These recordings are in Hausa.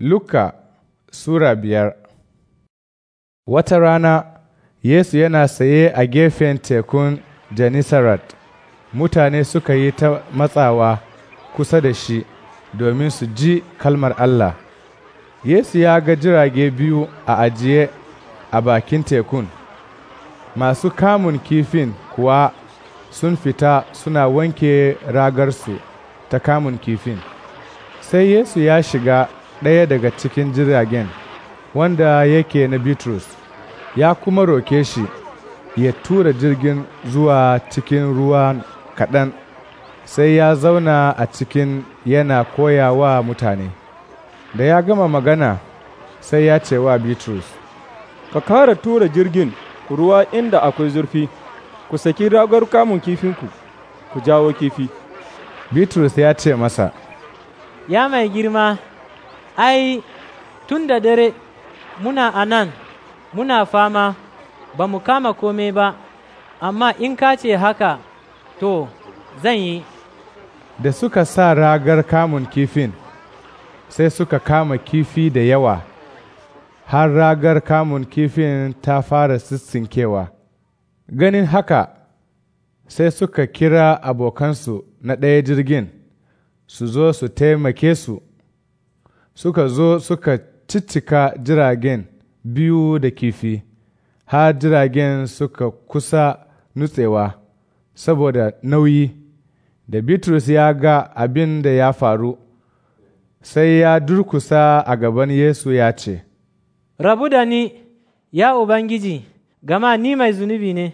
Luka Sura biyar Wata rana Yesu yana saye a gefen tekun janisarat mutane suka yi ta matsawa kusa da shi domin su ji kalmar Allah. Yesu ya ga jirage biyu a ajiye a bakin tekun, masu kamun kifin kuwa sun fita suna wanke ragarsu ta kamun kifin. Sai Yesu ya shiga ɗaya daga cikin jiragen wanda yake na Bitrus, ya kuma roke shi ya tura jirgin zuwa cikin ruwa kaɗan, sai ya zauna a cikin yana koya wa mutane. Da ya gama magana sai ya ce wa Bitrus, Ka kara tura jirgin ku ruwa inda akwai zurfi, ku saki ragar kamun kifinku, ku jawo kifi. Bitrus ya ce masa, Ya mai girma, ai tun da dare muna a nan muna fama ba mu kama komai ba amma in ka ce haka to zan yi da suka sa ragar kamun kifin sai suka kama kifi da yawa har ragar kamun kifin ta fara sissinkewa ganin haka sai suka kira abokansu na ɗaya jirgin su zo su taimake su suka zo suka ciccika jiragen biyu da kifi, har jiragen suka kusa nutsewa saboda nauyi, da Bitrus ya ga abin da ya faru, sai ya durkusa a gaban Yesu ya ce, Rabu da ni, ya Ubangiji, gama ni mai zunubi ne.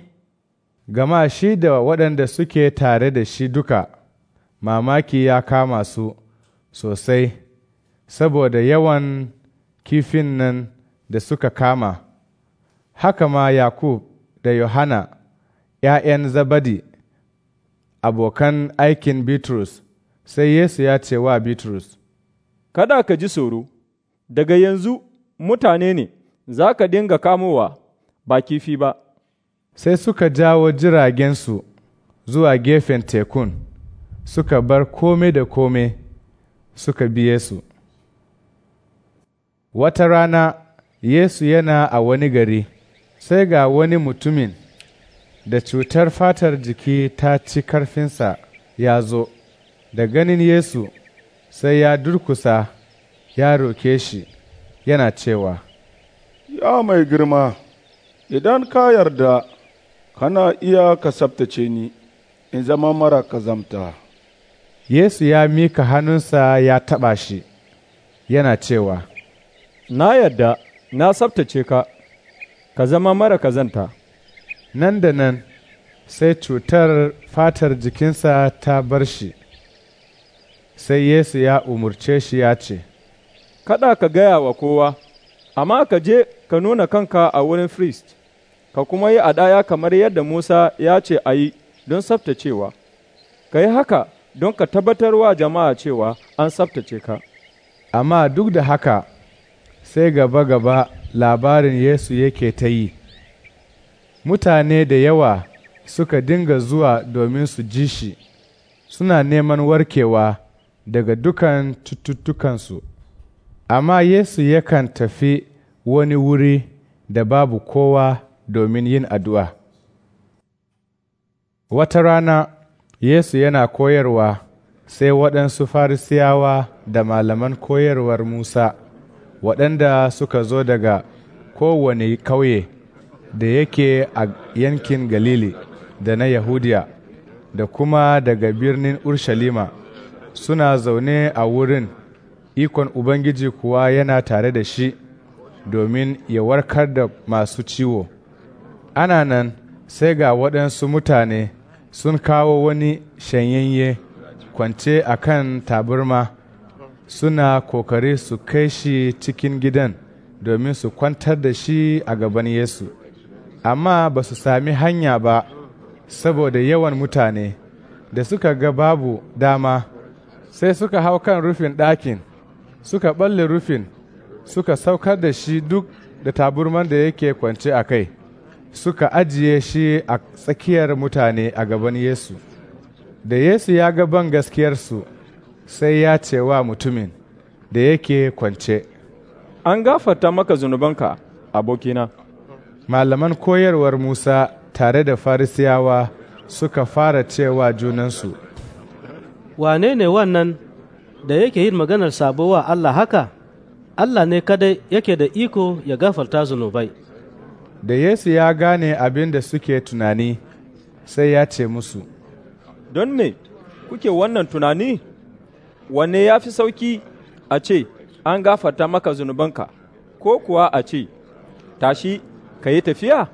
Gama shi da waɗanda suke tare da shi duka, mamaki ya kama su sosai. saboda yawan kifin nan da suka kama, haka ma Yakub da Yohana, ’ya'yan Zabadi, abokan aikin Bitrus, sai Yesu ya ce wa Bitrus, Kada ka ji tsoro, daga yanzu mutane ne za ka dinga kamowa ba kifi ba. Sai suka jawo jiragensu zuwa gefen tekun, suka bar kome da kome, suka biye su. Wata rana Yesu yana a wani gari, sai ga wani mutumin da cutar fatar jiki ta ci karfinsa ya zo, da ganin Yesu sai ya durkusa ya roke shi yana cewa, Ya mai girma, idan ka yarda, kana iya ka tsabtace ni in zama mara kazamta. Yesu ya mika hannunsa ya taɓa shi, yana cewa, na yadda na tsabtace ka, ka zama mara kazanta. Nan da nan sai cutar fatar jikinsa ta bar shi, sai Yesu ya umurce shi ya ce, Kada ka gaya wa kowa, amma ka je ka nuna kanka a wurin firist, ka kuma yi adaya kamar yadda Musa ya ce a yi don tsabtacewa. Ka yi haka don ka tabbatar wa jama'a cewa an tsabtace ka. Amma duk da haka, sai gaba-gaba labarin Yesu yake ta yi, mutane da yawa suka dinga zuwa domin su ji shi, suna neman warkewa daga dukan cututtukansu, amma Yesu yakan tafi wani wuri da babu kowa domin yin addu'a. Wata rana Yesu yana koyarwa sai waɗansu Farisiyawa da malaman koyarwar Musa. waɗanda suka zo daga kowane kauye da yake a yankin Galili da na Yahudiya da kuma daga birnin Urshalima suna zaune a wurin ikon Ubangiji kuwa yana tare da shi domin ya warkar da masu ciwo. Ana nan sai ga waɗansu mutane sun kawo wani shanyayye kwance a kan taburma suna kokari su kai shi cikin gidan domin su kwantar da shi a gaban Yesu, amma ba su sami hanya ba saboda yawan mutane da suka ga babu dama, sai suka hau kan rufin ɗakin, suka ɓalle rufin, suka saukar da shi duk da taburman da yake kwance a kai, suka ajiye shi a tsakiyar mutane a gaban Yesu. Da Yesu ya ga ban gaskiyarsu, sai ya ce wa mutumin da yake kwance, An gafata maka zunubanka, abokina. Malaman koyarwar Musa tare da Farisiyawa suka fara cewa junansu, Wane ne wannan da yake yin maganar sabo wa Allah haka? Allah ne kadai yake da iko ya gafarta zunubai. Da Yesu ya gane abin da suke tunani, sai ya ce musu, Don me kuke wannan tunani? wanne ya fi sauki a ce, An gafarta maka zunubanka, ko kuwa a ce, Tashi, ka yi tafiya?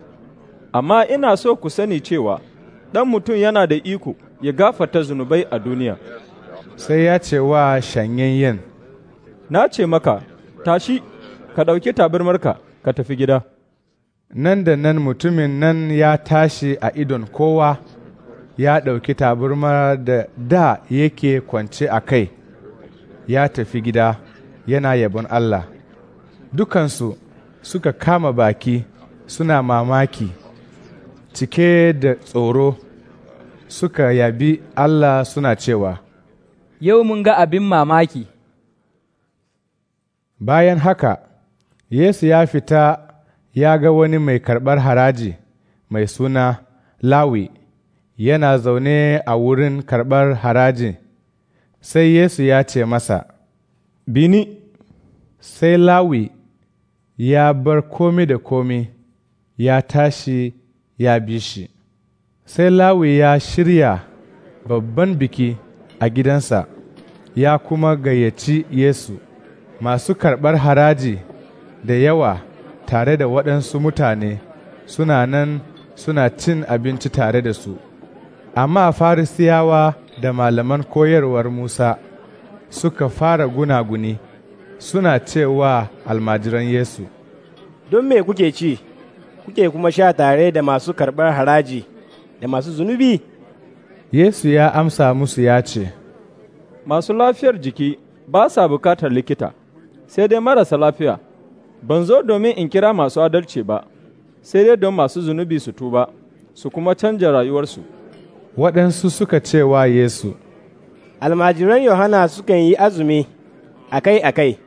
Amma ina so ku sani cewa, ɗan mutum yana da iko ya gafarta zunubai a duniya. Sai ya ce wa yin. Na ce maka, Tashi, ka ɗauki tabirmarka, ka tafi gida. Nan da nan mutumin nan ya tashi a idon kowa. ya ɗauki tabirmar da da yake kwance a kai ya tafi gida yana yabon Allah. Dukansu suka kama baki suna mamaki, cike da tsoro suka yabi Allah suna cewa, Yau mun ga abin mamaki. Bayan haka, Yesu ya fita ya ga wani mai karɓar haraji mai suna Lawi yana zaune a wurin karɓar haraji sai Yesu ya ce masa, Bini, sai Lawi ya bar komi da komi ya tashi ya bi shi. Sai Lawi ya shirya babban biki a gidansa, ya kuma gayyaci Yesu, masu karɓar haraji da yawa tare da waɗansu mutane suna nan suna cin abinci tare da su. Amma Farisiyawa da malaman koyarwar Musa suka fara gunaguni suna cewa almajiran Yesu. Don me kuke ci, kuke kuma sha tare da masu karɓar haraji da masu zunubi? Yesu ya amsa musu ya ce, Masu lafiyar jiki ba sa bukatar likita, sai dai marasa lafiya, ban zo domin in kira masu adalci ba, sai dai don masu zunubi su tuba, su kuma canja rayuwarsu. waɗansu suka ce wa Yesu, Almajiran Yohana sukan yi azumi akai-akai,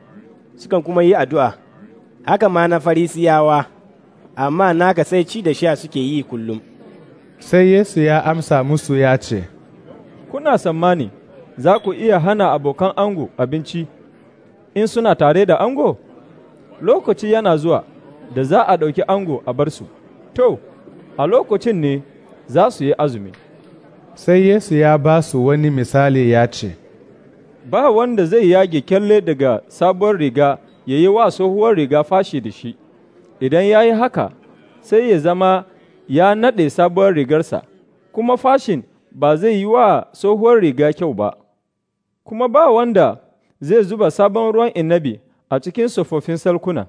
sukan kuma yi addu'a, haka ma na farisiyawa, amma naka sai ci da sha suke yi kullum. Sai Yesu ya amsa musu ya ce, Kuna sammani, za ku iya hana abokan ango abinci, in suna tare da ango? Lokaci yana zuwa da za a ɗauki ango a bar su, to, a lokacin ne za su yi azumi. sai Yesu ya ba su wani misali ya ce, Ba wanda zai yage kyalle daga sabon riga ya yi wa tsohuwar riga fashi da shi, idan ya yi haka sai ya zama ya naɗe sabon rigarsa, kuma fashin ba zai yi wa tsohuwar riga kyau ba, kuma ba wanda zai zuba sabon ruwan inabi a cikin tsofaffin sarkuna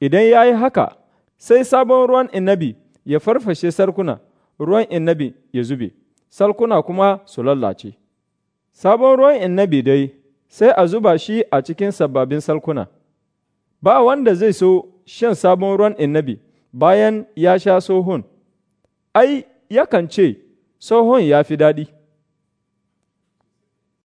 idan ya yi haka sai sabon ruwan inabi ya farfashe sarkuna, ruwan inabi ya zube. salkuna kuma su lallace. Sabon ruwan innabi dai sai a zuba shi a cikin sababbin salkuna, ba wanda zai so shan sabon ruwan innabi bayan ya sha sohon, ai, yakan ce, sohon ya fi daɗi.